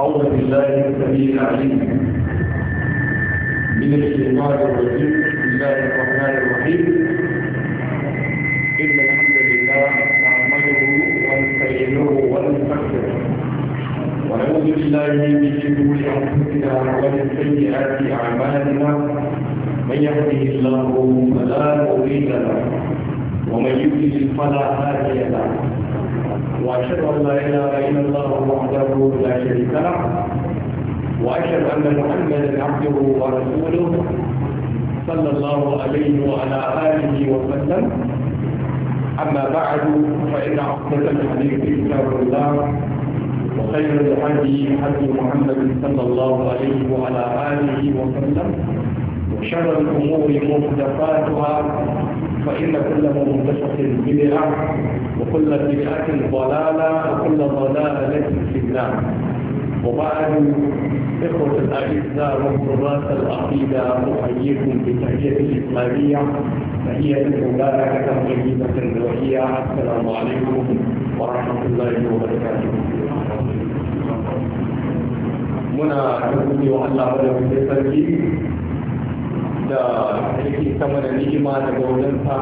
أعوذ بالله السميع العليم من الشيطان الرجيم بسم الله الرحمن الرحيم إن الحمد لله نحمده ونستعينه ونستغفره ونعوذ بالله من شرور أنفسنا ومن سيئات أعمالنا من يهده الله فلا مضل له ومن يضلل فلا هادي له وأشهد أن لا إله إلا الله وحده لا شريك له وأشهد أن محمدا عبده ورسوله صلى الله عليه وعلى آله وسلم أما بعد فإن أحسن الحديث كتاب الله وخير الحديث حديث محمد صلى الله عليه وعلى آله وسلم وشر الأمور محدثاتها فإن كل مهدسة بدعة وكل بدعة ضلالة وكل ضلالة في الله وبعد إخوة الأعزاء وقراءة العقيدة أحييكم بتحية الإسلامية تحية مباركة طيبة وهي السلام عليكم ورحمة الله وبركاته. منا da gudu wa Allah da yake sama da ni'ima daga gaunansa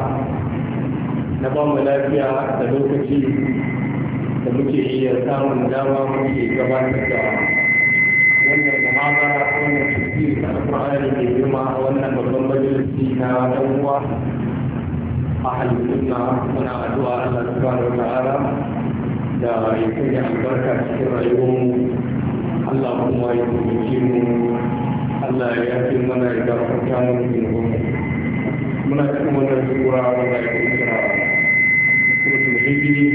na ba mu lafiya da lokaci da muke iya samun dama muke gabatar da wannan muhabara wannan tafi da alfahari da girma a wannan babban majalisi na ɗan uwa a halittun na muna addu'a Allah subhanahu wa ta'ala da ya sanya albarka cikin rayuwarmu Allah kuma ya taimake mu Allah ya yafi mana ya gafarta mana zunuban muna cikin wannan sura wanda ya kira suratul hijri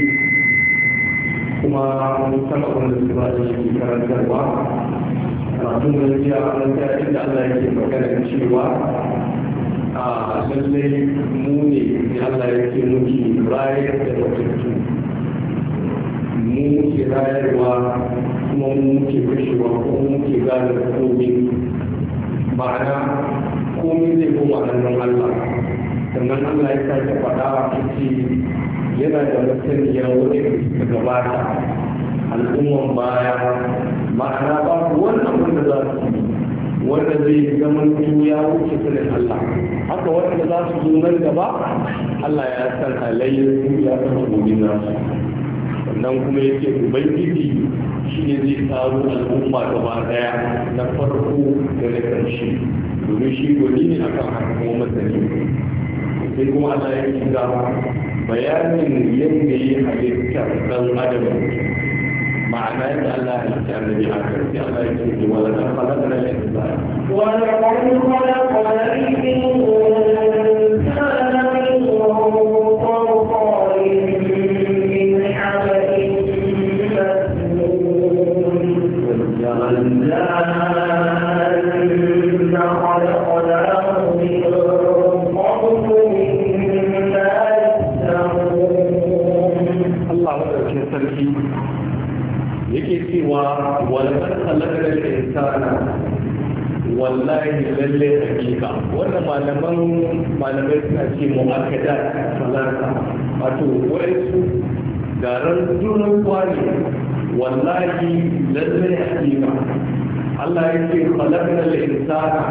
kuma mun saba wannan sura da yake karantarwa karatun da yake a karanta inda Allah yake magana cewa a lallai mu ne Allah yake muke rayar da mutuntu mu muke rayarwa kuma mu muke kashewa kuma muke gane komai ma'ana komai zai koma hannun Allah sannan Allah ya sake faɗa a cikin yana da masaniya wani da gabata al'umman baya ma'ana ba wannan abin da za su yi wanda zai zama ya wuce sanin Allah haka wanda za su zo nan gaba Allah ya san halayyar ya san gobe na nan kuma ya ce ubangiji shi ne zai tsaro al'umma gaba daya na farko da na ƙarshe domin shi gwani ne akan haka kuma masani sai kuma ana ya shiga bayanin yadda ya halitta ɗan adam معنى أن لا يمكن بآخر أن لا يمكن ولقد خلقنا da ولقد خلقنا الإنسان wallahi lalle hakika wannan malaman malamai suna ce da salata wato wa'ansu garan duran kwani wallahi lalle hakika Allah ya ce falakna al-insana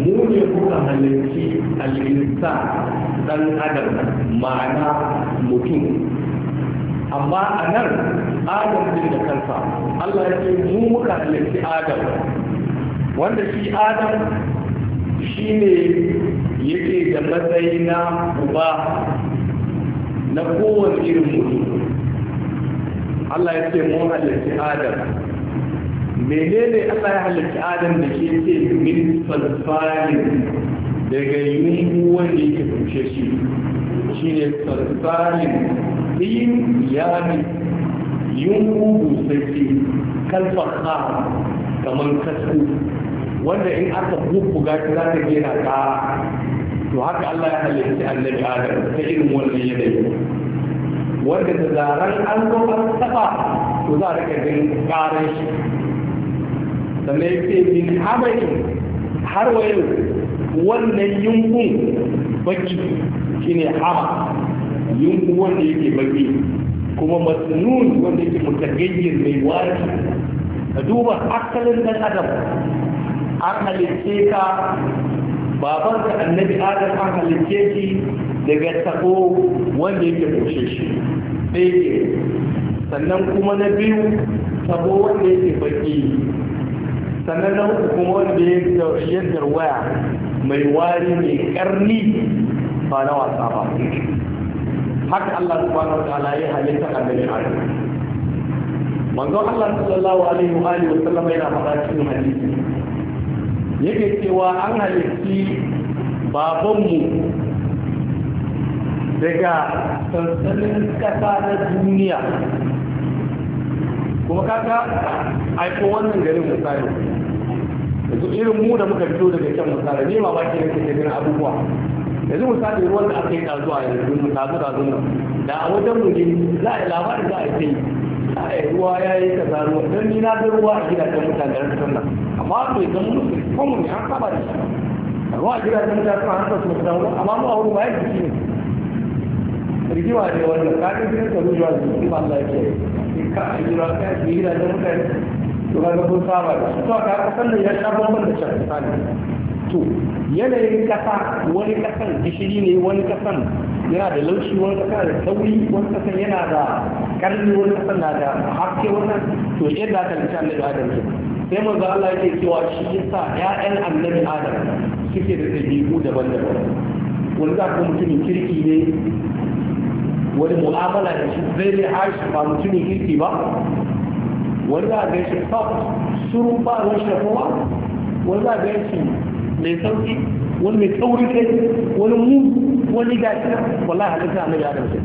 mu ne kuka halarci al-insa dan adam ma'ana mutum amma a nan adam ne da kansa Allah ya ce mu muka halarci adam wanda shi adam shi ne yake da matsayi na uba na kowane irin mutum Allah ya ce mun halarci adam menene Allah ya halarci adam da ke ce min salsalin daga yungu wanda yake kushe shi shi ne salsalin ɗin yami yungu busassi kalfar kamar kasu wanda in aka bubbuga ta za ta gina ka to haka Allah ya halitta annabi Adam ta irin wannan yanayi wanda da zaran an zo an taba to za ka ganin karan shi sannan yake min habai har wayo wannan yunkun baki shine hama yunkun wanda yake baki kuma masnun wanda yake mutagayyir mai wari ka duba asalin dan adam an halitce ka babanka annabi adam an halitce shi daga tabo wanda yake kushe shi ɗaya sannan kuma na biyu tabo wanda yake baki sannan na uku kuma wanda ya waya mai wari mai karni ba na wasa ba haka Allah subhanahu wa ta'ala ya halitta annabi adam manzon Allah sallallahu alaihi wa alihi wa sallam yana faɗa cikin hadisi yake cewa an halitti babanmu daga sansanin kasa na duniya kuma kaka aiko wannan garin misali yanzu irin mu da muka fito daga can misali ne ma baki yake da ganin abubuwa yanzu misali ruwan da aka yi ɗazu yanzu mu ɗazu ɗazu nan da a wajen mu ne za a yi labarin za a yi ruwa ya yi kaza ruwa don ni na ga ruwa a gidajen mutane da rikon nan amma bai zan musu kuma ne an saba da shi ruwa a gidajen mutane suna hanta su mutane amma mu a wurin ba ya jiki ne rigima ne wannan kafin gidan ka rujuwa da jiki ba Allah ya ke ka a jira ka a gidajen mutane to ka ga saba da shi to ka kasan nan ya sha bambam da can misali to yanayin kasa wani kasan gishiri ne wani kasan yana da laushi wani kasa da tauri wani kasan yana da karni wani kasan na da haske wannan to yadda aka lita annabi adam ke sai manzo Allah yake cewa shi yasa ƴaƴan annabi adam suke da ɗabi'u daban-daban wani za ku mutumin kirki ne wani mu'amala da shi zai zai hashi ba mutumin kirki ba wani za a gaishe soft surun ba a shi da kowa wani za a gaishe mai sauki wani mai tsauri kai wani mu wani gashi wallahi halitta annabi adam ce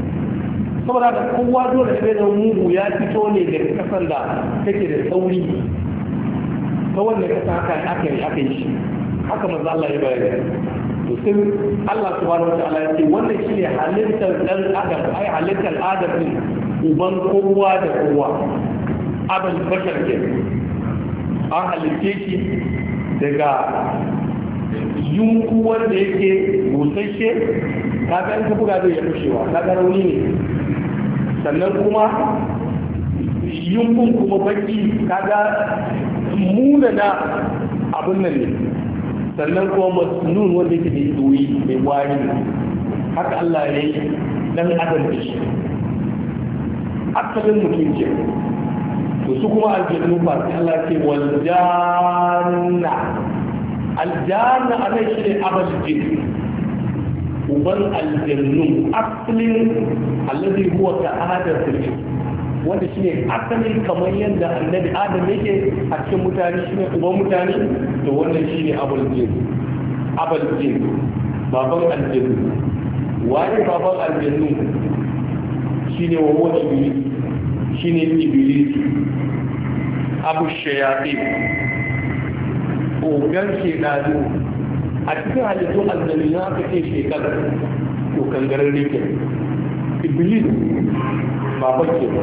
saboda haka kowa dole sai da mugu ya fito ne daga kasar da take da tsauri ta wannan kasa haka aka yi aka yi shi haka manzo Allah ya bayani mutum Allah subhanahu wataala ya ce wannan shine halittar dan adam ai halittar adam din uban kowa da kowa abin bashar ke an halitte shi daga yunkuwar da yake busasshe kaga ga ka buga zai ya fushewa ga rauni ne sannan kuma yunkun kuma baki kaga munana abin nan ne sannan kuma masnun wanda yake da doyi mai wari haka Allah ya yi dan adam da shi asalin mutum ce to su kuma aljannu ba Allah ce wanda janna aljanna a nan shi ne abajin uban aljannu asalin allazi huwa ta adar sirri wanda shi ne asalin kamar yadda annabi adam yake a cikin mutane shi ne uban mutane to wannan shi ne abajin abajin baban aljannu wani baban aljannu shi ne wa wani shi ne iblis abu shayatin gogar shekaru a cikin halittu azzali na aka ce shekaru to kangarar rike iblis ba bakke ba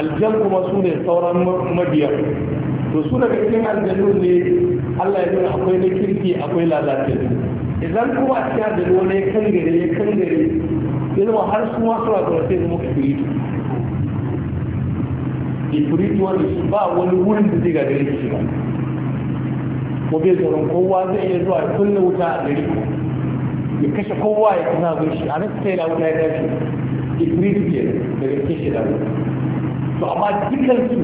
aljan kuma su ne sauran mabiya to su daga cikin aljanu ne allah ya nuna akwai na kirki akwai lalace idan kuma a cikin aljanu wani ya kangare ya kangare ya zama har su ma suna zuwa sai zama kafiritu ifiritu wani ba wani wurin da zai gagare shi ba ko bai tsoron kowa zai iya zuwa tun kunna wuta a gari ya kashe kowa ya kasa zo shi a nan sai na wuta ya tashi ibris ke daga kashe da wuta to amma dukkan su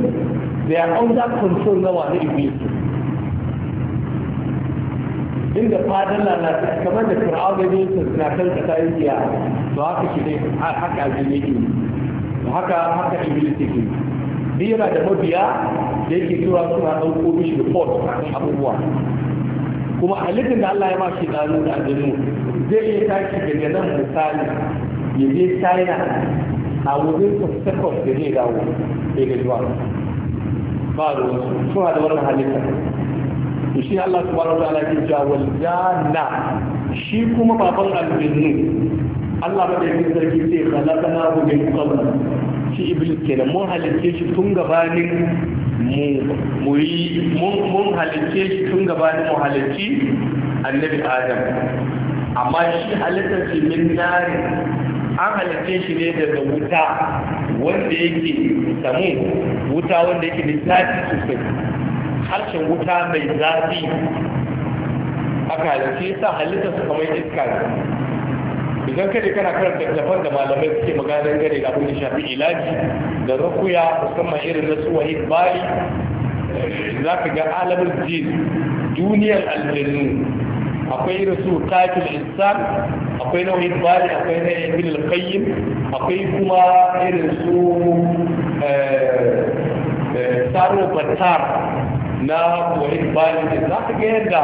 da ya kauta control na wani ibris inda fadar lalata kamar da fir'auna ne su na kan kasa indiya to haka shi ne haka abin ne haka haka iblis yake bira da mabiya da yake cewa suna ɗauko mishi report abubuwa kuma a da Allah ya ma shi ɗanu da aljanu zai iya tashi daga nan misali ya je china a wurin sakwas da zai dawo sai ga zuwa ba da wasu suna da wannan halitta. to shi Allah subhanahu wa ta'ala ke cewa Ya na shi kuma baban aljanu Allah ba da yin sarki sai khalaqnahu min qabl shi iblis kenan mun halitta shi tun gabanin mu mun halitce shi tun gabanin mu halarci annabi adam amma shi halittar shi min nari an halitce shi ne daga wuta wanda yake samu wuta wanda yake da zafi sosai harshen wuta mai zafi aka halicce sa halittar su kamar iska idan kai kana karanta littafan da malamai suke magana gare da abin da shafi ilaji da rakuya musamman irin na su wahid bali za ka ga alamun jin duniyar aljannu akwai irin su tatul insan akwai na wahid bali akwai na ibn al-qayyim akwai kuma irin su eh, eh, saro batar na wahid bali za ka ga yadda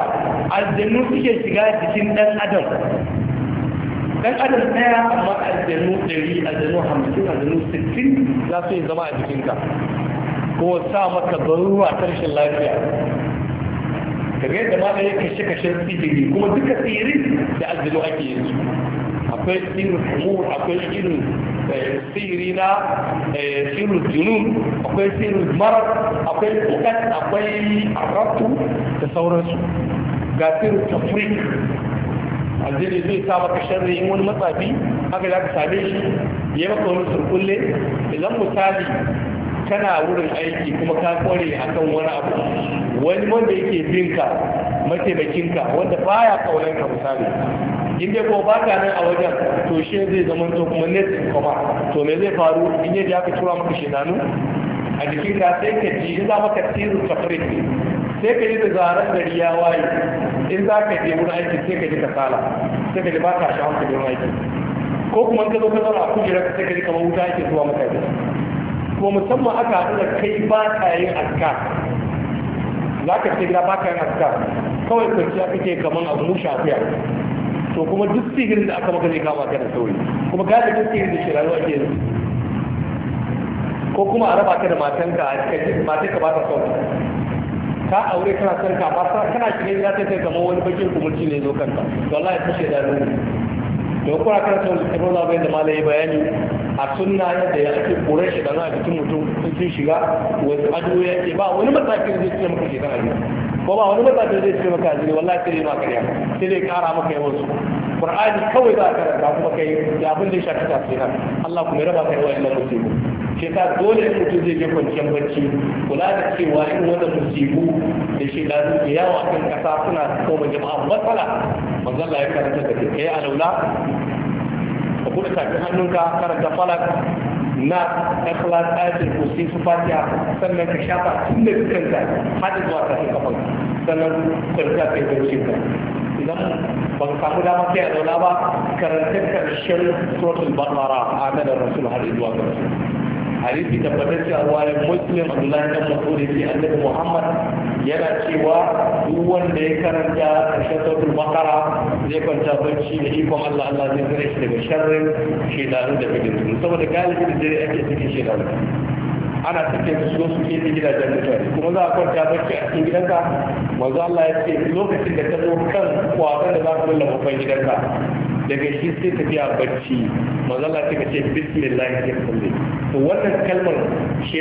aljannu suke shiga cikin dan adam dan adam daya amma aljanu ɗari aljanu hamsin aljanu sittin za su yi zama a jikinka ko sa maka baruwa ta rashin lafiya kaga yadda ma ɗaya kashe-kashen tsibiri kuma duka tsirin da aljanu ake yanzu. akwai tsirin mu, akwai tsirin eh, sihiri na tsirin eh, junun akwai tsirin mara akwai kokat akwai arabtu da sauransu ga tsirin tafrik aljini zai sa maka sharri in wani matsafi haka za ka same shi ya maka wani surkulle idan misali kana wurin aiki kuma ka kware a kan wani abu wani wanda yake binka mataimakinka wanda baya kaunar ka misali in dai ko ba ka nan a wajen to shi zai zama to kuma net kuma to me zai faru in ya aka tura maka shinanu a ka sai ka ji za maka tiru tafrik sai ka yi da zaren gari ya waye in za ka je wurin aiki sai ka ji tsala sai ka ji ba ka shawar ka wurin aiki ko kuma ka zo ka zauna a kujera ka sai ka ji kamar wuta ake zuwa maka gida kuma musamman aka haɗu da kai ba ka yin aska za ka ce gida ba ka yin aska kawai kwanciya kake kamar abu musha akuya to kuma duk sihirin da aka maka zai kama ka da sauri kuma galibin sihirin da shirayu ake yanzu ko kuma a raba ka da matanka a cikin matanka ba ta sauka ka aure kana son ka ba kana shige gida ta kai kamar wani bakin kumurci ne zo kanka to Allah ya kashe da ruwa to kuma kana son ka nuna bai da malai bayani a sunna ne da yake kore shi dan a cikin mutum sun shiga wani ado ya ce ba wani mataki da zai ce maka shi kana a ko ba wani mataki da zai ce maka ajiyar wallahi sai ma kariya sai dai kara maka yawan su qur'ani kawai za ka karanta kuma kai ya abin da ya shafi tafsirin Allah kuma ya raba kai wa'annan musibu shi ta dole mutum zai je kwanciyar bacci kula da cewa in wanda musibu da shi da zuke yawa kan kasa suna koma jama'a matsala manzalla ya karanta da ke kai alaula ka buɗe tafin hannunka karanta falak na ikhlas ayatul kursi su fatiha sannan ka shafa tun da kanka har zuwa tafin kafan sannan kwanta kai bacci ka idan ban samu dama kai alaula ba karanta karshen suratul baqara a nan rasul har zuwa ga rasul hadisi tabbatar cewa wani muslim abdullahi dan mas'ud yake annabi muhammad yana cewa duk wanda ya karanta karshen sautul bakara zai kwanta bacci da ikon allah allah zai tsare shi daga sharrin shedanu da bidin su saboda galibi da dare ake cikin shedanu ana cikin su so su ke ta gidajen mutane kuma za a kwanta bacci a cikin gidanka manzo Allah ya ce lokacin da ka zo kan kwasan da za ka lalla babban gidanka daga shi sai ka biya barci manzo Allah ya ce bismillah ya kulle to wannan kalmar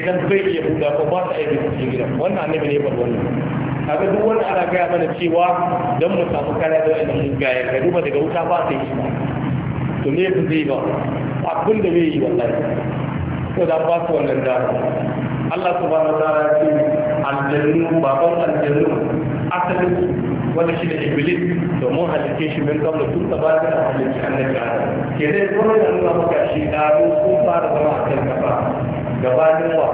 zan bai iya buɗa ko ba ta aiki cikin gidan wannan annabi ne bar wannan kaga duk wani ana gaya mana cewa dan mu samu kare da wannan mugaye ka duba daga wuta ba ta yi ba to me ku zai ba abin da bai yi wallahi to da ba su wannan da Allah subhanahu wa ta'ala ya ce aljannu baban aljannu asalin wanda shi da iblis domin halitta shi min kabla tun da baka da halitta annabi adam ke dai kuma da nuna maka shi da ko fara zama a kan kafa gabanin wa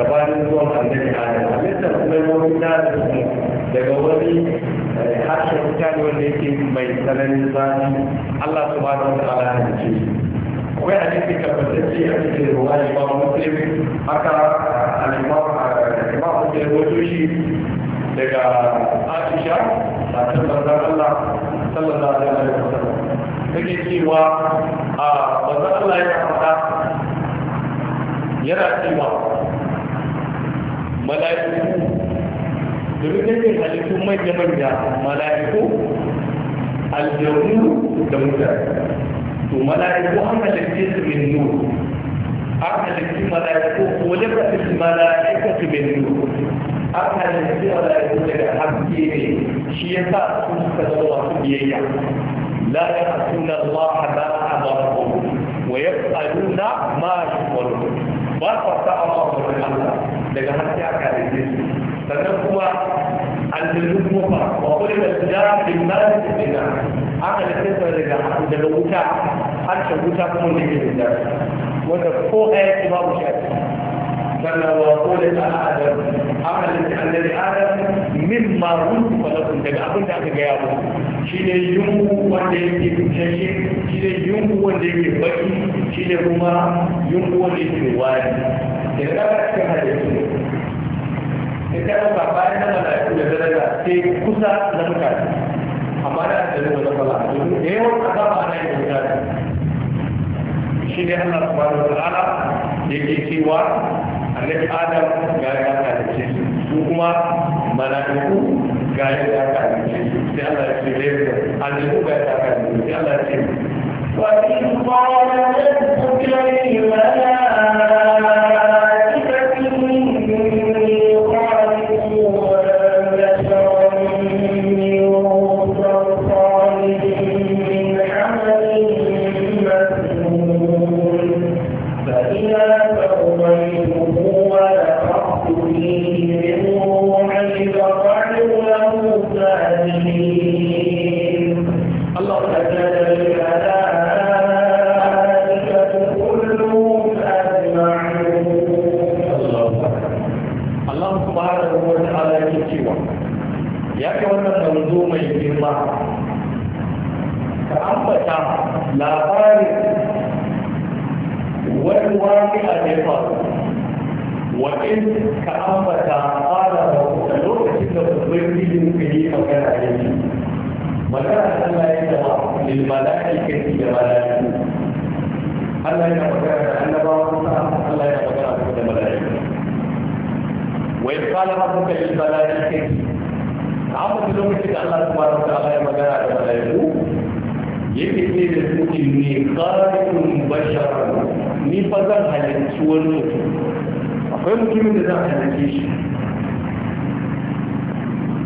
gabanin zuwan annabi adam halittar kuma yawon da daga wani eh, harshen mutane wanda yake mai tsananin zafi Allah subhanahu wa ta'ala ya ce akwai hadisi tabbatacce a cikin ruwa imam muslim haka al-imam eh, al-imam eh, muslim wato shi daga aisha a tattalin allah sallallahu alaihi wa sallam take cewa a ah, bazan allah ya faɗa yana cewa mala'iku domin take halittun manya-manya mala'iku aljanu da mutane to mala'iku an halitte su min nuru an halitte mala'iku ko lafasin mala'iku min nuru haka da tafiya da ya zo daga haske ne shi ya sa su suka zama masu biyayya la ya asuna Allah ba a barko wa ya tsaluna ma shi barko ba sa ta Allah wa Allah daga haske aka da ke sannan kuma aljanu kuma fa wa kullu da tijara bil mal ila aka da tafiya daga daga wuta har ta wuta kuma ne ke da wanda ko ɗaya ki babu shi a cikin بل وقول آدم عمل الذي آدم مما رزق لكم daga abin da aka gaya muku shi ne yungu wanda yake kushashe shi ne yungu wanda yake baki shi ne kuma yungu wanda yake wani daga kaka cikin halittu ne ta ɗauka bayan na mala'iku da daraja sai kusa na mutane amma da aka zama da fala domin da yawan azaba na yin mutane shi ne Allah subhanahu wa ta'ala yake cewa annabi adam ga ya ka da shi su kuma mala'iku ga ya ka da shi sai Allah ya ce da annabi ga ya ka da shi sai Allah ya ce wa in qala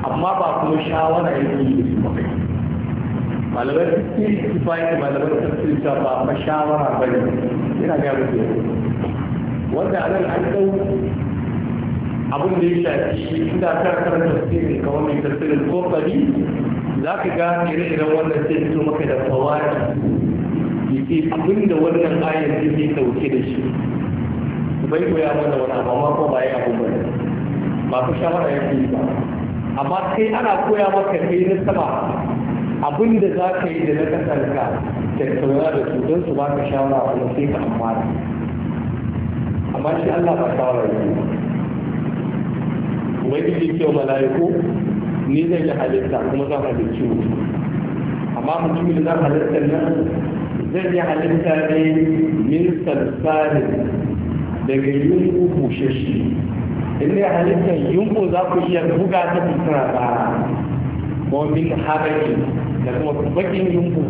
amma ba kuma shawara ya yi da su malamai suke da malamai tafsir ta ba fa shawara ba ne ina ga muku wanda anan an dau abin da ya shafi inda ka karanta su ka wannan mai tattalin kofari za ka ga ire-iren wannan sai fito maka da fawari ke, abin da wannan ayar ke dauke da shi bai koya mana wani abu amma ko ba ya abu ba ba ku shawara ya yi ba amma kai ana koya maka ne na sama abin da za ka yi da na kasarka da taura da su don su baka shawara a wani sai ka ne amma shi Allah ba shawara ne ke kyau mala'iku ni zai yi halitta kuma ka da ciwo amma mutumin da ka halitta nan Zai yi halitta ne min sarsari daga yin bushe shi in dai halittar yunko za ku iya buga ta kusa ba bombin haɗari da kuma bakin yunko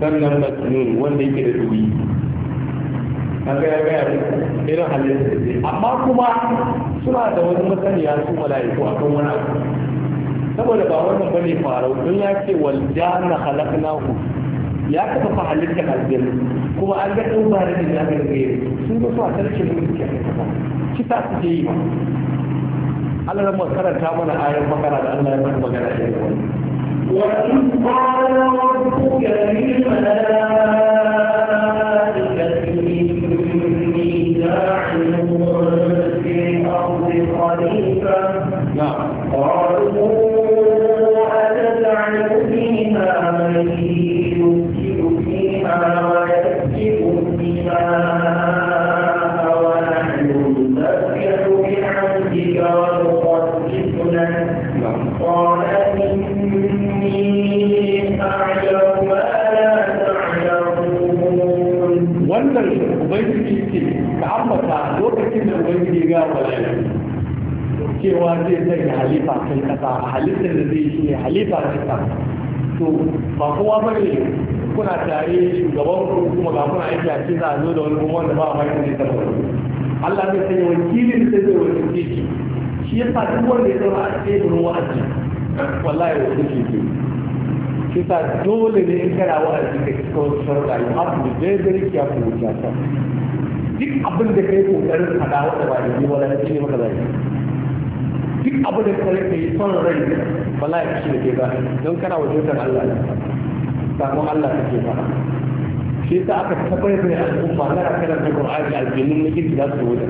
sannan matsinun wanda yake da dubi an gaya gaya irin halittar zai amma kuma suna da wani masaniya su mala'iku a kan wani abu saboda ba wannan bane farau don ya ce wal janna khalaqnahu ya kafa fa halitta aljanna kuma an ga dubarin da ya ga sun ga su a tarkin mulki a kafa kisa suke yi Allah karanta mana ayar magana da Allah ya mana magana da yawa cewa zai sanya halifa kan kasa a halittar da zai shi halifa kan kasa to ba kowa ba ne kuna tare shugaban ku kuma ga kuna aiki a cikin a da wani kuma wanda ba a mai ne ta Allah zai sanya wakilin da zai wakilce shi shi yasa duk wanda ya zama a cikin teburin wa'azi wallahi wakilce shi shi sa dole ne in kana wa'azi ka cika wasu sharuɗa you have to be very very careful with duk abin da kai kokarin faɗa wanda ba da ji wala ne maka zai duk abu da ka rika yi son rai bala ya kishi da ke ba don kana wajautar Allah ne sakon Allah ke ba shi ta aka tabbatar da al'umma na akalar da Qur'ani aljinnin na kirki za su wuce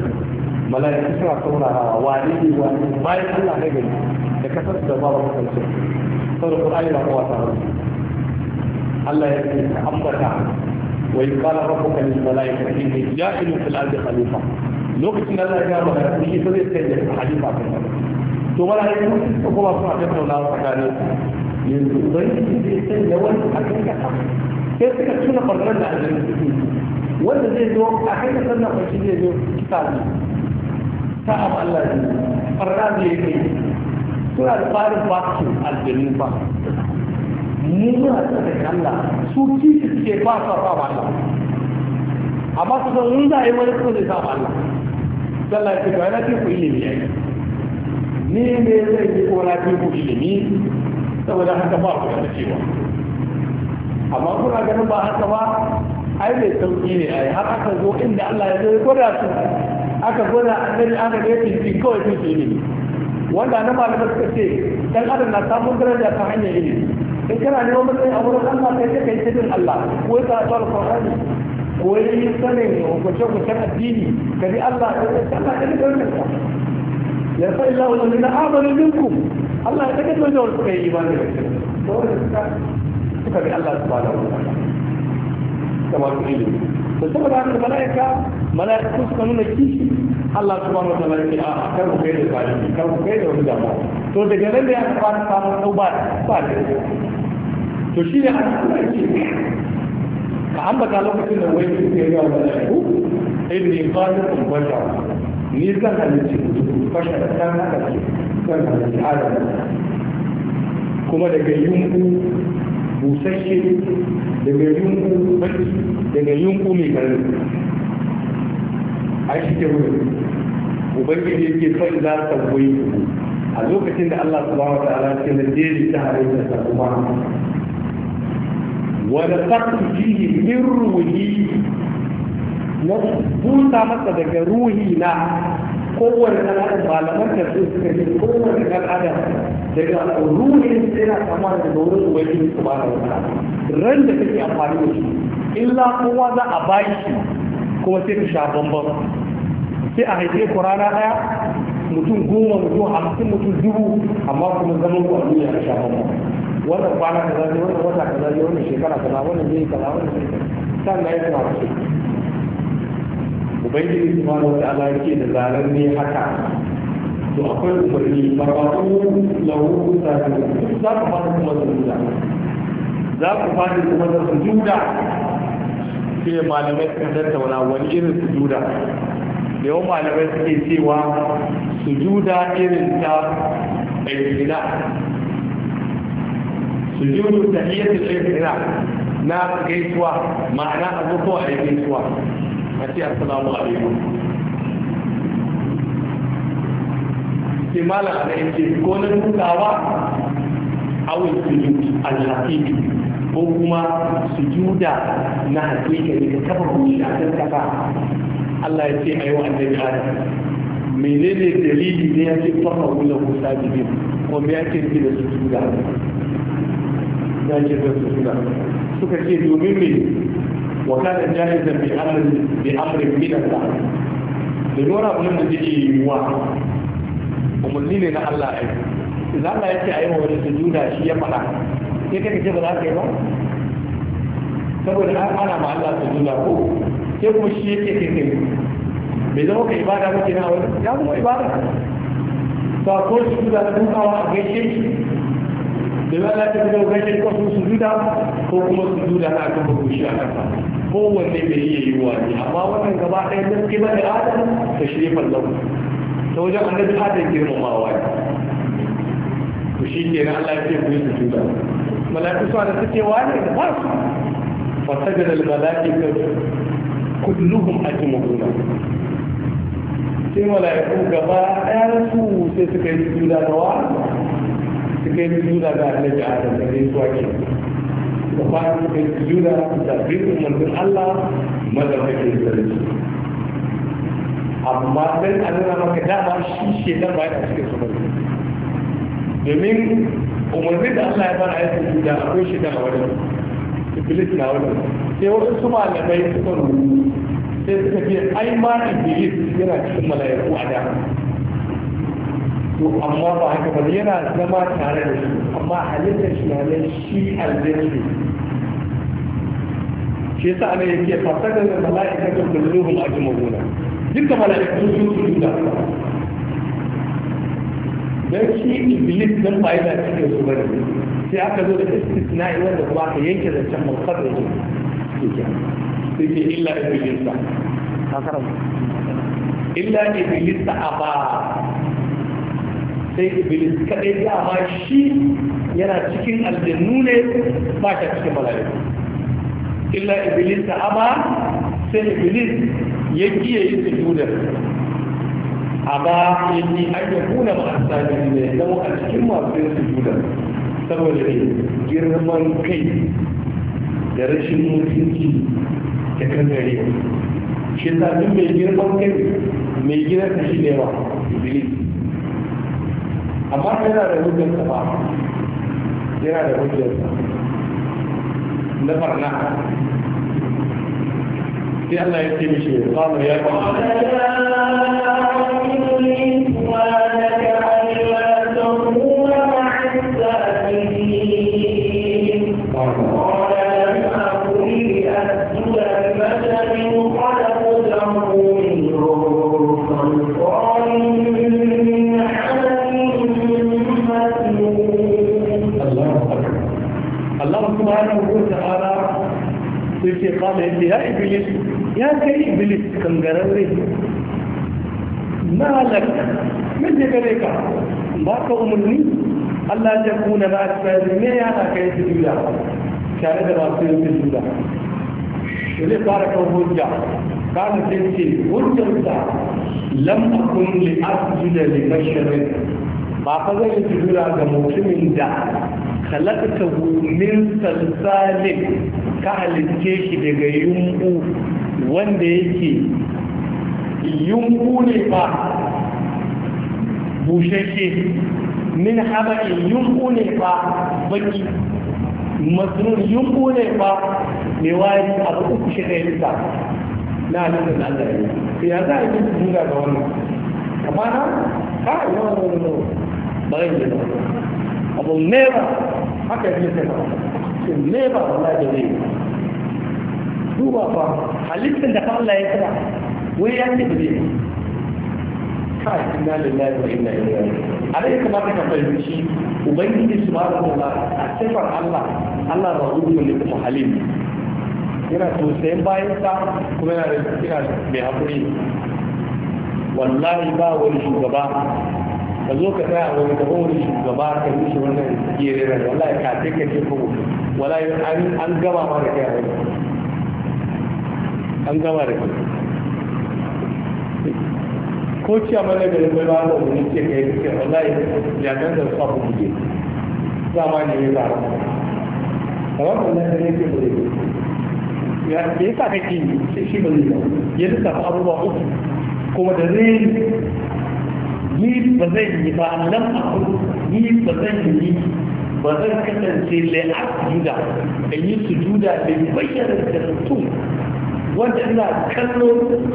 malaiku suna saurarawa wani ne wani bayan Allah na gari da kasar da ba wani kanci saboda Qur'ani kowa ta wani Allah ya ce ka ambata wa yi kala rabbuka lil malaikati inni ja'ilun fil ardi khalifa lokacin da Allah ya ga malaiku shi sai ya ce khalifa kan to wala ne kuma suka kuma suna tattaunawa tsakanin yanzu ubangiji zai sanya wani a kan kasa sai suka tuna ɓarnar da ajiyar suke wanda zai zo a kan kasar na kwanci zai zo kisa ne ta abu Allah ne ɓarna zai kai suna da farin bakin aljanu ba mu muna tsarkake Allah su kishi suke ba sa ba ba Allah amma su san yi wani kuma zai sa Allah sallah ya ce ga yana ce ku ne ya yi ni ne zai yi kora ku ilimi saboda haka ba ku da cewa amma kuna ganin ba haka ba ai mai sauki ne ai har aka zo inda Allah ya zai gwada su aka gwada annabi aka ga tinki kawai su ilimi wanda na malamar suka ce dan adam na samun daraja ta hanyar ilimi in kana neman matsayin a wurin Allah kai sai kai cikin Allah ko ta tsara Qur'ani ko yi sanin hukunce-hukuncen addini ka bi Allah ka ta Allah ka bi ya sa ila wani na amanu minku Allah ya daga da wani suka yi imani da suka bi Allah subhanahu wa ta'ala kamar su da saboda haka mala'ika mala'ika suka nuna kishi Allah subhanahu wa ta'ala ya a kar ku kai da zalimi kar ku kai da wani dama to da ya fara tauba ba da to shi ne an kuma ka ambata lokacin da wani suke yawa bashar ni zan halarci fashar ta haka ce zan halarci adam kuma daga yunku busasshe daga yunku baki daga yunku mai karni a shi ke wurin ubangiji yake son za ta koyi a lokacin da Allah subhanahu wa ta'ala ke da ta halayyar sa kuma wani sarki fihi min ruhi na busa masa daga ruhi na kowane ɗan adam malaman da su suka yi kowane ɗan adam daga ruhin na kama da wurin ubangiji su ba da wata ran da kake amfani da shi illa kowa za a bayi shi kuma sai ka sha bambam sai a haife ku rana ɗaya mutum goma mutum hamsin mutum dubu amma kuma zaman ku a duniya ka sha bambam wannan kwana kaza ne wannan wata kaza ne wannan shekara kaza wannan zai kaza wannan sannan ya kuma ubangiji subhanahu wa ala yake da zarar ne haka to akwai umarni ba ba ku lahu ne za ku fara kuma sujuda za ku fara kuma sujuda sai malamai suka tattauna wani irin su sujuda da yawan malamai suke cewa su sujuda irin ta ɗaiɗina sujudu ta iya ta ɗaiɗina na gaisuwa ma'ana abubuwa da gaisuwa a ce assalamu alaikum ke malam da yake ko na dukawa awon sujud al-haqiqi ko kuma sujuda na haqiqa ne ka kafa kushi a kan kafa Allah ya ce ayo annabi Adam menene dalili ne ya ce farma wula ko sabibi ko me yake nufi da sujuda ya ce da sujuda suka ce domin me وكان جاهزا بامر بامر من الله لنورا من ذكي يوا ومنين الله na Allah ai يتي اي هو ce a yi wa wani sujuda shi ya faɗa sai kai ce ka saboda an ana ma Allah sujuda ko sai kuma shi yake kai kai zama ka ibada wani ya zama ibada ko dukawa a gaishe shi da za a tafi daga gashi ko su sujuda ko kuma sujuda na kan babu shi a kafa kowanne bai iya yi wa ne amma wannan gaba ɗaya gaske ba da adam ta shirye fallon ta wajen annabi adam girmamawa ne to shi ke na Allah ya ce su yi sujuda mala'iku sa da suke wani da ba su fasajin al-mala'ika kulluhum ajma'una sai mala'iku gaba ɗaya su sai suka yi sujuda da wa. cikin yi da ga annabi adam da zai suwa ke da fara suka yi da bin umarnin allah madaukakin sarki amma dan a nuna maka dama shi ke dan ba yana cikin su bane domin umarnin da allah ya fara aikin da akwai shi dama wajen iblis na wajen sai wasu su malamai suka rubu sai suka ce ai ma iblis yana cikin mala'iku a dama to amma ba haka ba yana zama tare da shi amma halittar shi na shi aljansu shi yasa ana yake fasaka da mala'ikatu kulluhum ajma'una dukkan mala'ikatu sun sujuda dan shi iblis dan ba yana cikin su bane sai aka zo da istisna'i wanda kuma aka yanke zancen mulkar da shi sai ke illa iblis ta illa iblis ta aba sai iblis kadai dama shi yana cikin aljannu ne ba ta cikin malayu illa iblis ta aba sai iblis ya kiye judar a ba yanni an yi kuna sami ne don zama a cikin masu yin judar saboda ne girman kai da rashin mutunci da kangarewa shi zafin mai girman kai mai gina ta shi ne ba iblis amma yana da hujjarsa ba yana da hujjarsa na farna sai Allah ya ce mishi qala ya ce kama yadda ya iblis ya kai iblis kangararre malak min je gare ka ba ka umarni Allah ya kuna na asali ne ya na kai sujuda tare da masu yin sujuda da zai fara kan hujja kana sai ce hujjarsa lam akun li asjuda li basharin ba ka zai sujuda ga mutumin da khalaqtahu min salsalin ka halitte shi daga yumbu wanda yake yumbu ne ba bushashe min haba'in yumbu ne ba baki masrur yumbu ne ba mai wari abu uku shi ɗaya lita na halittar da Allah ya yi ya za a yi juna ga wannan amma na ka yi wannan ba zai yi da wannan abu mera haka yi sai ba shin me ba wallahi da zai duba fa halittar da Allah ya kira wai ya ce da kai inna lillahi wa inna ilaihi raji'un alai kuma ka fahimci ubangiji subhanahu wa ta'ala a sifar Allah Allah rahimul lil halim yana tausayin bayansa kuma yana da mai haƙuri wallahi ba wani shugaba ka zo ka tsaya a wani gaban wani shugaba ka yi shi wannan gere na wala ya kace ka ce ko wala an gaba ma da kai an gama da kai ko ciya mana garin bai ba ko mun ce kai ce wallahi ya dan da sabu kuje zama ne ya zama kamar wannan ne ke bare ya yasa kake shi ba zai ya lissafa abubuwa uku kuma da zai ni ba zan yi ba nan abu ni ba zan yi ba zan kasance la'abdida da a yi sujuda da bayyana da mutum wanda ina kallo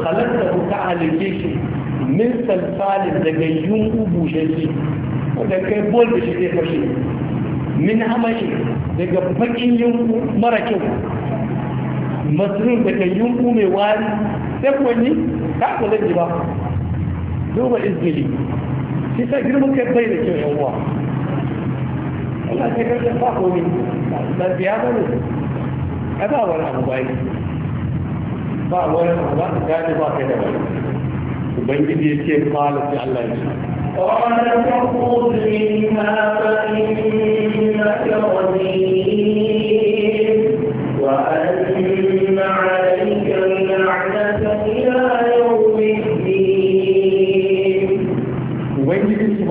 halatta ku ta halice shi min salsalin daga yunku bushashe wanda kai bol da shi zai fashe min hamashi daga bakin yunku mara kyau masrur daga yunku mai wari sai kuwa ni ta kula ba duba izini. shi ta girma kai bai da kyau yan uwa Allah sai karshen ba komi ba biya ba ne a ba wani abu ba yi ba wani abu ba ta ba kai da wani ubangiji ya ce kala sai Allah ya ce قال فخذ منها فإنك رجيم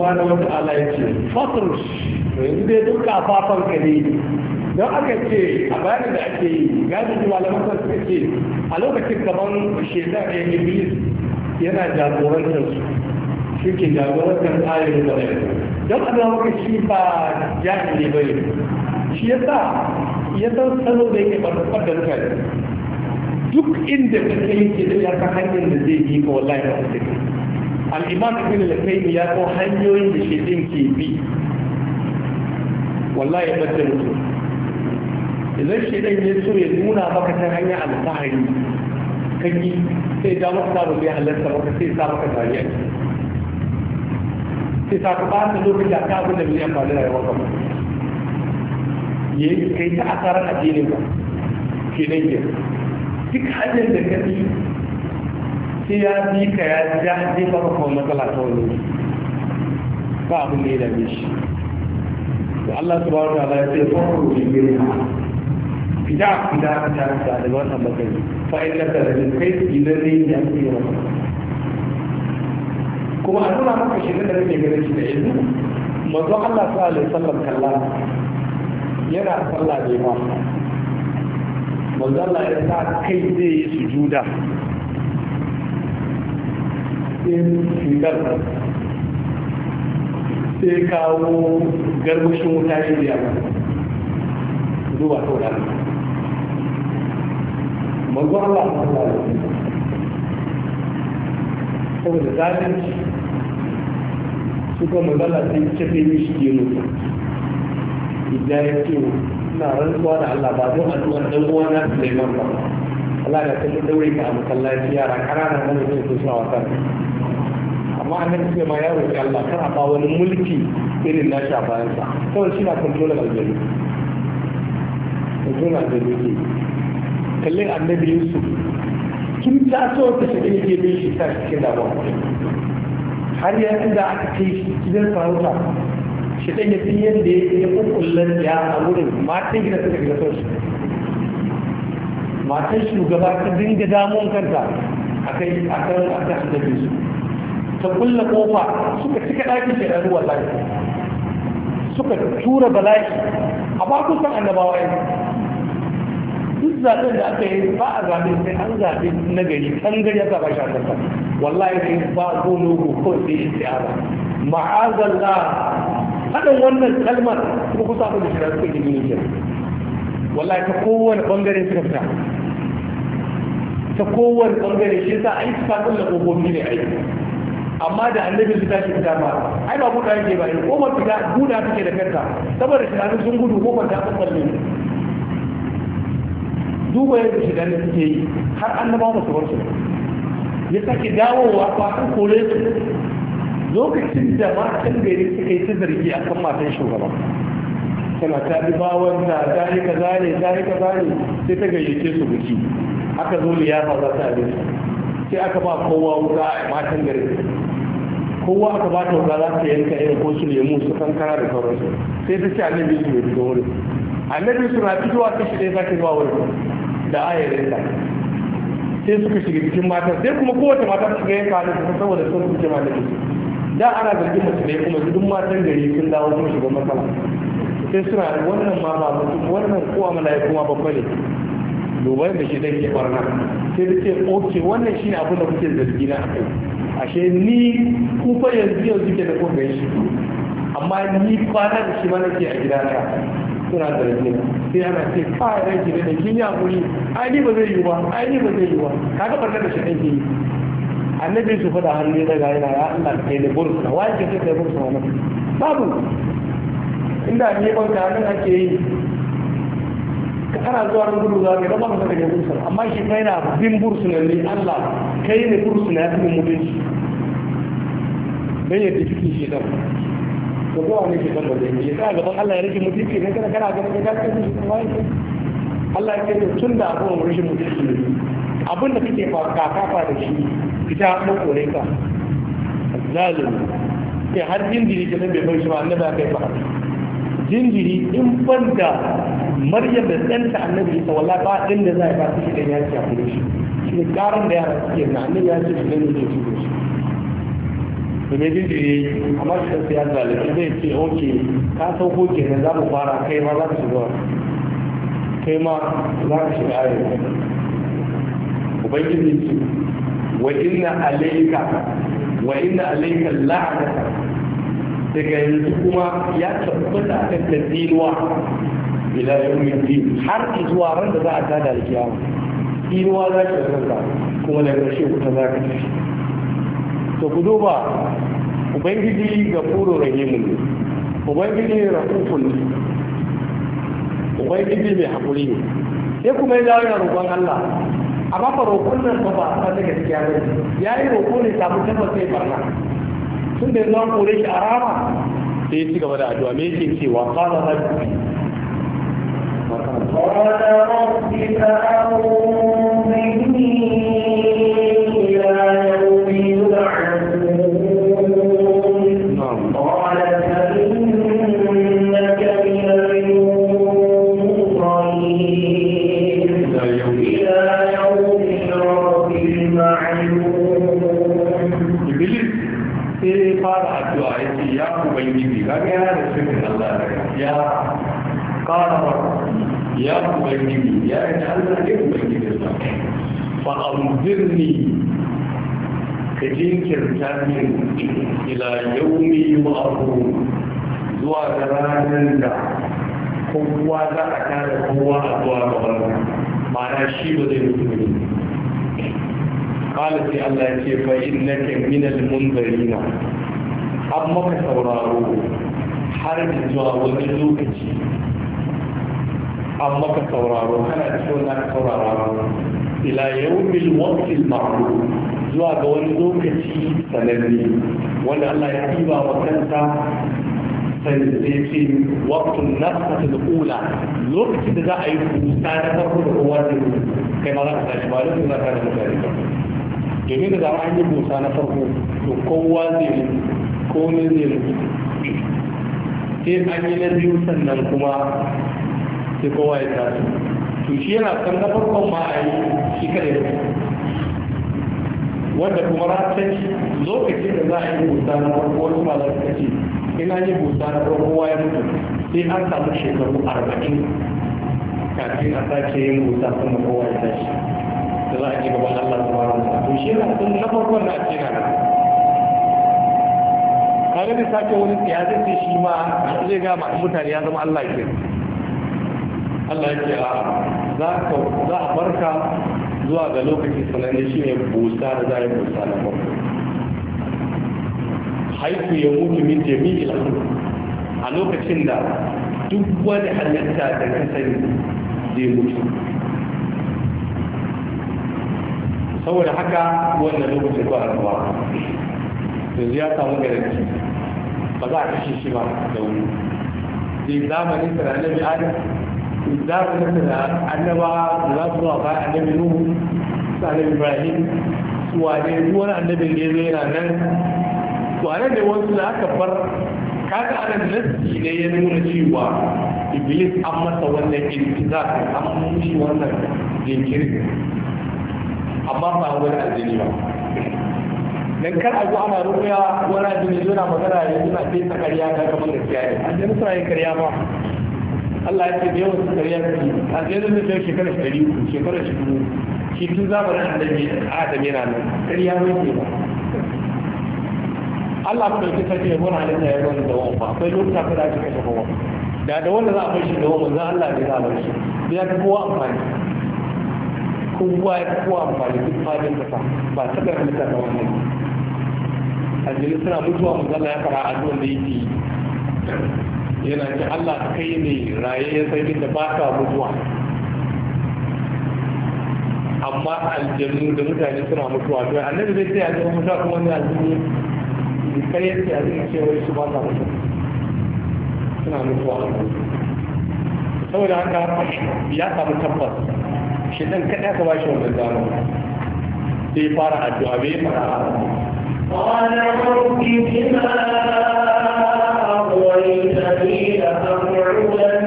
subhanahu wa ta'ala ya ce fatrush to yanzu dai duk kafafan ka ne don aka ce a bayanin da ake yi gani galibi malaman sa suka ce a lokacin gaban shekar ya yi iblis yana jagorantar su shi ke jagorantar ayoyin da ɗaya don a zama shi ba jahili ba ne shi ya sa ya san salo da yake barbar da mutane duk inda kake yake da ya ka hanyar da zai yi ka wallahi ba su al'imam ibn al-kaimi ya kawo hanyoyin da shi din ke bi wallahi ya bata mutu idan shi din ya so ya nuna maka ta hanya alfahari kan yi sai ja maka sabu bai halarta maka sai sa maka dariya sai sa ka ba ta lokaci a kabin da bai amfani da yawan gaba ya yi kai ta asarar addinin ba shi din ke duk hanyar da ka sai ya bi ka ya ja jefa maka wani matsala ta wani ba abin da ya dame shi to Allah subhanahu wa ta'ala ya ce fa ku bi girma fida fida fida fida daga wannan matsayi fa inna ka da kai ilani ne an yi maka kuma a nuna maka shi da kake ganin shi da yanzu manzo Allah sallallahu alaihi wasallam kalla yana sallah ne ba manzo Allah ya sa kai zai yi sujuda sai cutar sai kawo garmashin wuta ne biya zuwa sauran manzo Allah saboda zalunci su kuma magana sai cafe mishi gero idan ya ce na rantsuwa da Allah ba don addu'ar dan uwana Sulaiman ba Allah da kullum daure ka a masallaci yara ƙananan mana zai su suna wasan amma annabi sai ma ya roƙi Allah kar a ba wani mulki irin nashi a sa, saboda shi na kontrolar aljanu kontrolar da ke kallin annabi Yusuf ta so ta shiga yake bin shi ta cikin damuwa har yanzu da aka kai shi gidan sarauta shi ɗan ya fi yadda ya ƙunƙullar ya a wurin matan gida suka gida shi. matan shugaba ta dinga damun kanta a kai a kan a kan da su ta kulle kofa suka cika ɗakin da ɗan ruwa zai suka tura bala'i a san annabawa yanzu duk zaɓen da aka yi ba a zaɓe sai an zaɓe na gari kan gari aka ba shi a kasa wallahi sai ba ko logo ko sai shi tsara ma'azalla haɗin wannan kalmar kuma kusa abin da shi da suka gini ne wallahi ta kowane ɓangare suka fita ta kowane bangare shi yasa ai fatin da kofofi ne ai amma da annabi su tashi fita ba ai ba buɗa yake ba ne kofar fita buɗa take da kanta saboda tunanin sun gudu kofar ta ne duba yadda shi da suke yi har annaba ba su ya sake dawowa ba an kore su lokacin da matan gari suka yi ta zargi a kan matan shugaba. tana ta bi bawanta ta yi kaza zane ta yi kaza ne sai ta gayyace su biki aka zo liyafa za ta abin sai aka ba kowa wuka a matan gari kowa aka ba ta wuka za ta yanka irin ko su lemu su kankara da sauransu sai ta ce annabi su bai fito wurin annabi su na fitowa ta shi ɗaya za ta zuwa wurin da ayarin ta sai suka shiga cikin matan sai kuma kowace mata ta shiga yanka hannun saboda sun fice matan da Da ana zargin musulmai kuma duk matan gari sun dawo sun shiga matsala sai suna wannan ma ba mutum wannan kuwa mala'iku ma babba ne dubai da shi dan ke barna sai da ce oke wannan ne abin da kuke zargi na akai ashe ni ku fa yanzu yanzu ke da kun ga shi amma ni kwana da shi ma nake a gidana suna zargi sai ana ce kai ran ki da kin ya kuri ai ni ba zai yi ba ai ni ba zai yi ba 'Ka ga barka da shi dan ke yi annabi su fada hannu ya daga yana ya Allah kai da bursa wai ke kai bursa wani babu inda ne banka nan ake yi ka kana zuwa nan gudu za ka yi ba ka daga amma shi kai na bin bursu ne Allah kai ne ne ya fi shi dan ya tafi shi dan ka ba wani shi dan ba zai yi sai gaban Allah ya rike mutunci ne kana kana gaban ka kai shi kuma yake Allah ya kai tun da abun rashin mutunci ne abin da kake fa kafa da shi ita mu kore ka zalimi ke har jin diri ke bai bai shi ba annabi ya kai ba jinjiri in ban maryam da tsanta annabi isa walla ba din da zai ba su shi ɗan ci a kuma shi shi ne karin da yara suke na annabi ya ci shi ne yake shi kuma shi domin jinjiri amma shi ya siya zalunci zai ce oke ka sauko kenan za mu fara kai ma za ka shiga kai ma za ka shiga ayyuka ubangiji ce wa inna alayka wa inna alayka la'anaka daga yanzu kuma ya tabbata kan tazinuwa ila yawmin din har zuwa ran da za a tada alkiyama inuwa za ta rasa kuma da ƙarshe wuta za ka tafi to ku duba ubangiji ga furo rahimun ne ubangiji rahufun ne ubangiji mai haƙuri ne sai kuma ya dawo yana roƙon Allah amma fa roƙon nan ba ba ta gaskiya ba ya yi roƙo ne samu tabbata sai barna tun da yanzu an kore shi a rama sai ci gaba da addu'a me yake ce wa qala rabbi qala rabbi fa'awwidni ilimi kaga yana da shirkin Allah da ya kara ya ubangiji ya yi Allah ne ubangiji sa fa anzirni ka jinkirta min ila yaumi yu'arun zuwa ga ranar da kowa za a tare kowa a zuwa gaban ma'ana shi ba zai mutu ne قال في الله كيف إنك من المنذرين an maka sauraro har zuwa wani lokaci an maka sauraro kana cikin na sauraro ila yawmil waqtil ma'lum zuwa ga wani lokaci sananne wanda Allah ya diba wa kanta sanadin waqtun nafsatul ula lokacin da za a yi kusa na farko da kowa da kai ma za ka tashi ba lokacin za ka da mutane domin da za an yi kusa na farko to kowa zai komai zai mutu sai an yi na biyu sannan kuma sai kowa ya taso to shi yana kan na farkon ma a yi shi kare ya wanda kuma ratan lokacin da za a yi busa na farko wani ma za su kace ina yi busa na farko kowa ya mutu sai an samu shekaru arba'in kafin a sake yin busa kuma kowa ya tashi da za a ci gaban Allah subhanahu wa ta'ala to shi yana kan na farkon na ce na kaga sake wani tsaya zai ce shi ma zai ga mutane ya zama Allah ke Allah ya a za za a barka zuwa ga lokacin sananne shi ne busa da za a yi busa na farko haiku ya mutu min jami'il a lokacin da duk wani halitta da ka sani zai mutu saboda haka wannan lokacin ba a yanzu ya samu garanti ba za a kashe shi ba da wuri sai zamanin sa da annabi adam zamanin annaba da za su zuwa ba annabi nuhu su annabi ibrahim su wane wani annabin da ya yana nan Su anan ne wasu da aka bar kaga anan nassi ne ya nuna cewa iblis an masa wannan iltizak an mushi wannan jinkirin amma ba wani aljini ba dan kar a zo ana rubuya wani abin da yana magana ya suna sai ta karya ta kamar gaskiya ne an jami suna yin karya ba Allah ya ce da yawan su karya su a zai zai zai shekarar shi ɗari uku shekarar shi dubu shi tun zamanin annabi adam yana nan karya mai ke ba Allah ba ɗauki sarki da wani halitta ya zo da wani ba akwai lokuta kada ake kashe kowa da da wanda za a bar shi da wani zan Allah ne za a bar shi ya fi kowa amfani kowa ya fi kowa amfani duk fadin kasa ba ta karfi ta wani aljanu suna mutuwa manzala ya fara addu'a da yake yana ce Allah kai ne raye ya sai da ba ka mutuwa amma aljanu da mutane suna mutuwa to annabi zai ce aljanu mutuwa kuma ne aljanu kai ya ce aljanu ce wai su ba ka mutuwa suna mutuwa saboda haka ya samu tabbas shi dan kada ka bashi wannan zamani sai fara addu'a bai fara addu'a. أغويتني لأقعدن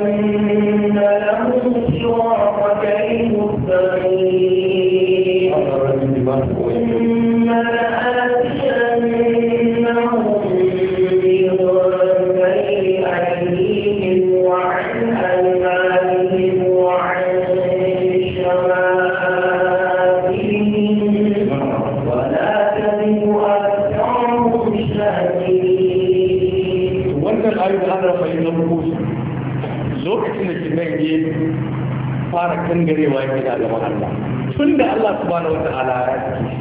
cewa ya da gaban Allah tun da Allah subhanahu wata'ala ya ce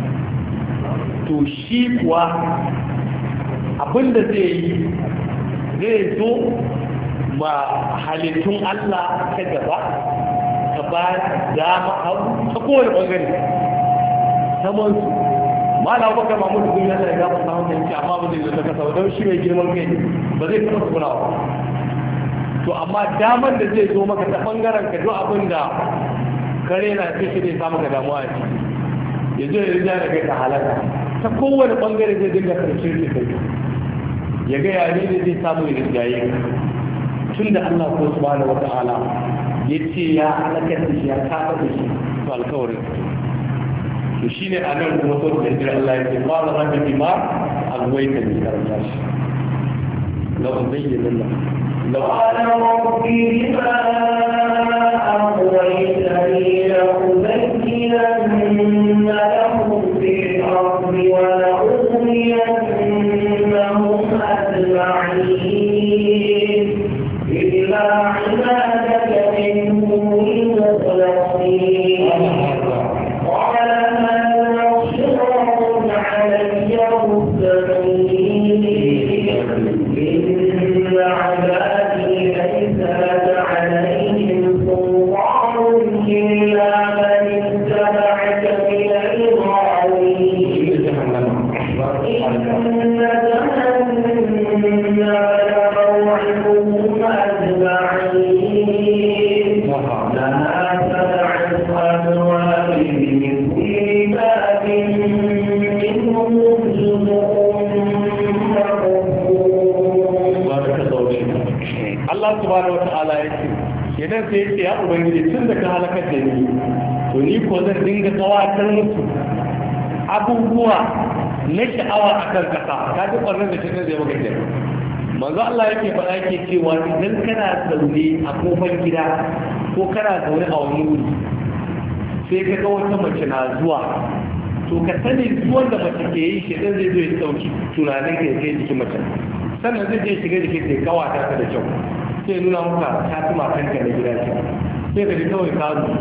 to shi kuwa abinda zai yi zai zo ma halittun Allah ta gaba ta ba da hagu ta kowane ɓangare saman su mala bakar mahmud bin yana da gafa samun da yake amma ba zai zo ta kasa wadau shi mai girman kai ba zai taɓa tsura ba to amma damar da zai zo maka ta bangaren ka zo abin da kare na ce shi ne samun ka damuwa ne ya zo ya rija da kai ka halaka ta kowane bangare zai dinga karshen da kai ya ga ya ne zai samu ya rijaye tun da Allah ko su da wata ala, ya ce ya halaka da shi ya kafa da shi to alkawarin to ne a nan kuma so da jira Allah ya ce ma rabbi bima agwayta ni karanta shi zai ubayyin lillah ولأغنينهم في الأرض ولأغنينهم gawatar mutu, abubuwa na sha'awa a kan kasa ta ji ƙwarnar da shirin zai maka jiyar manzo Allah yake faɗa yake cewa idan kana zaune a kofar gida ko kana zaune a wani wuri sai ka ga wata mace na zuwa to ka sani zuwan da mace ke yi shi ɗan zai zo ya sauki tunanin ka ya kai jikin mace sannan zai je shiga jikin ta kawa ta da kyau sai nuna maka ta tuma matan na gida sai ka ji kawai ka zo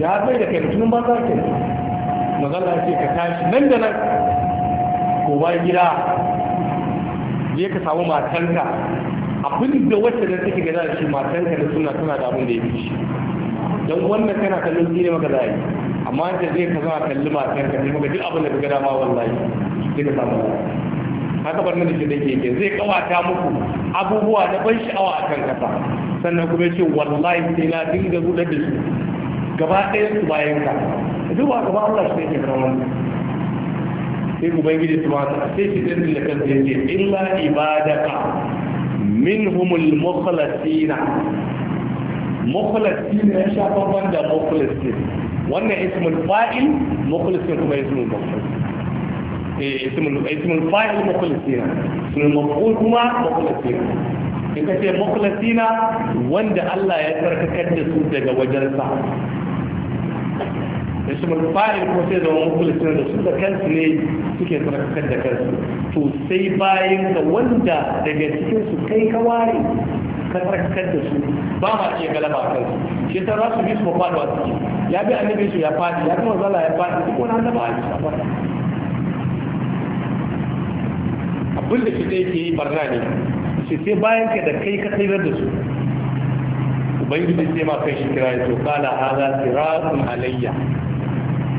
ya bai da kai mutumin ka yi mazala ce ka tashi nan da nan ko ba gida je ka samu matanka abin da wacce da take gada shi matanka da suna tana da abin da ya fi shi don wannan kana kallon shi ne maka zai amma da zai ka zama kalli matanka ne maka duk abin da ka gada ma wallahi sai ka samu haka bar da shi da ke zai kawata muku abubuwa na ban sha'awa a kan kasa sannan kuma ce wallahi sai na dinga rudar da su gaba ɗaya su bayan ka duba gaba Allah shi yake kan wannan sai ubangiji su mata sai shi zai da kansa yake illa ibadaka minhumul mukhlasina mukhlasina ya sha babban da mukhlasin wannan ismul fa'il mukhlasin kuma ismul mukhlasin eh ismul ismul fa'il mukhlasina sun maf'ul kuma mukhlasina in ka ce mukhlasina wanda Allah ya tsarkakar da su daga sa. ismul fa'il kuma sai zama mukhlisin da su da kansu ne suke tsarkakar da kansu to sai bayan da wanda daga cikin su kai ka ware ka tsarkakar da su ba ma iya galaba kansu shi ta za su bi su faɗuwa suke ya bi annabi su ya fadi ya kuma zala ya fadi duk wani annaba a cikin abin da shi ke yi barna ne shi sai bayan ka da kai ka tsayar da su ubangiji sai ma kai shi kira ya to kala hada siratun alayya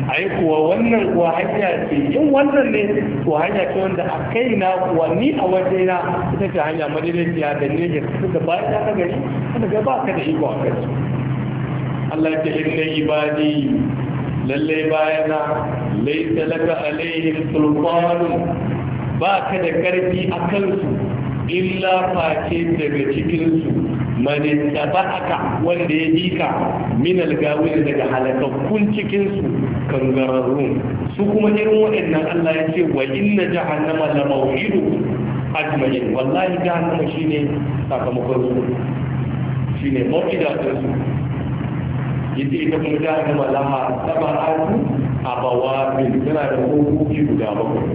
ai kuwa wannan kuwa hanya ce in wannan ne kuwa hanya ce wanda a kai na kuwa ni a waje na ita ce hanya madaidaiciya da ne ya su da bayan ya ka gari kada ga ba ka da iko a kai Allah ta inna ibadi lalle na laifin laka alaihim sultanun ba ka da karfi a kansu illa face daga cikinsu man ka wanda ya ka min algawil daga halakakkun cikin su kangararrun su kuma irin waɗannan Allah ya ce wa inna jahannama la maw'idu ajma'in wallahi jahannama shine sakamakon su shine maw'ida su yace ita kuma jahannama laha sab'atu abawabin tana da hukuki guda bakwai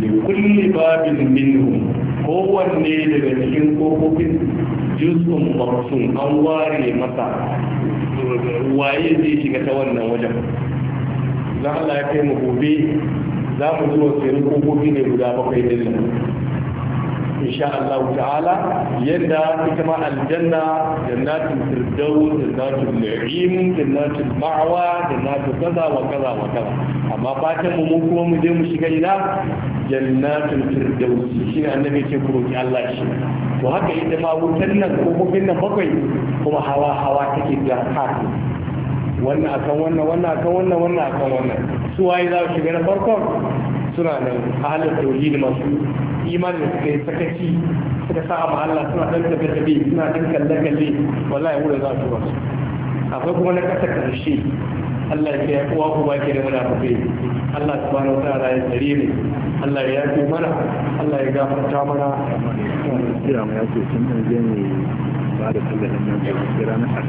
li kulli babin minhum kowanne daga cikin kokokin juz'un maqsum an ware masa waye zai shiga ta wannan wajen za a lafiya mu gobe za mu zuwa sai kofofi ne guda bakwai dinnan insha Allah ta'ala yadda ita ma aljanna jannatul firdaus jannatul na'im jannatul ma'wa jannatul kaza wa kaza wa kaza amma fatan mu kuma mu je mu shiga ina jannatul firdaus shi annabi ce ku roki Allah shi to haka ita ma wutan nan ko bukin nan bakwai kuma hawa hawa take da haka wannan akan wannan wannan akan wannan wannan akan wannan su waye za su shiga na farkon suna nan halin tauhidi masu imanin suka yi sakaci suka sa ma Allah suna dan suna dan kalle kalle wallahi za su wasu akwai kuma na kasa karshe Allah ya kuwa ku ba ke da munafikai Allah ya tsare mu Allah ya yafe mana Allah ya gafarta mana ya ba da kallon nan da ranar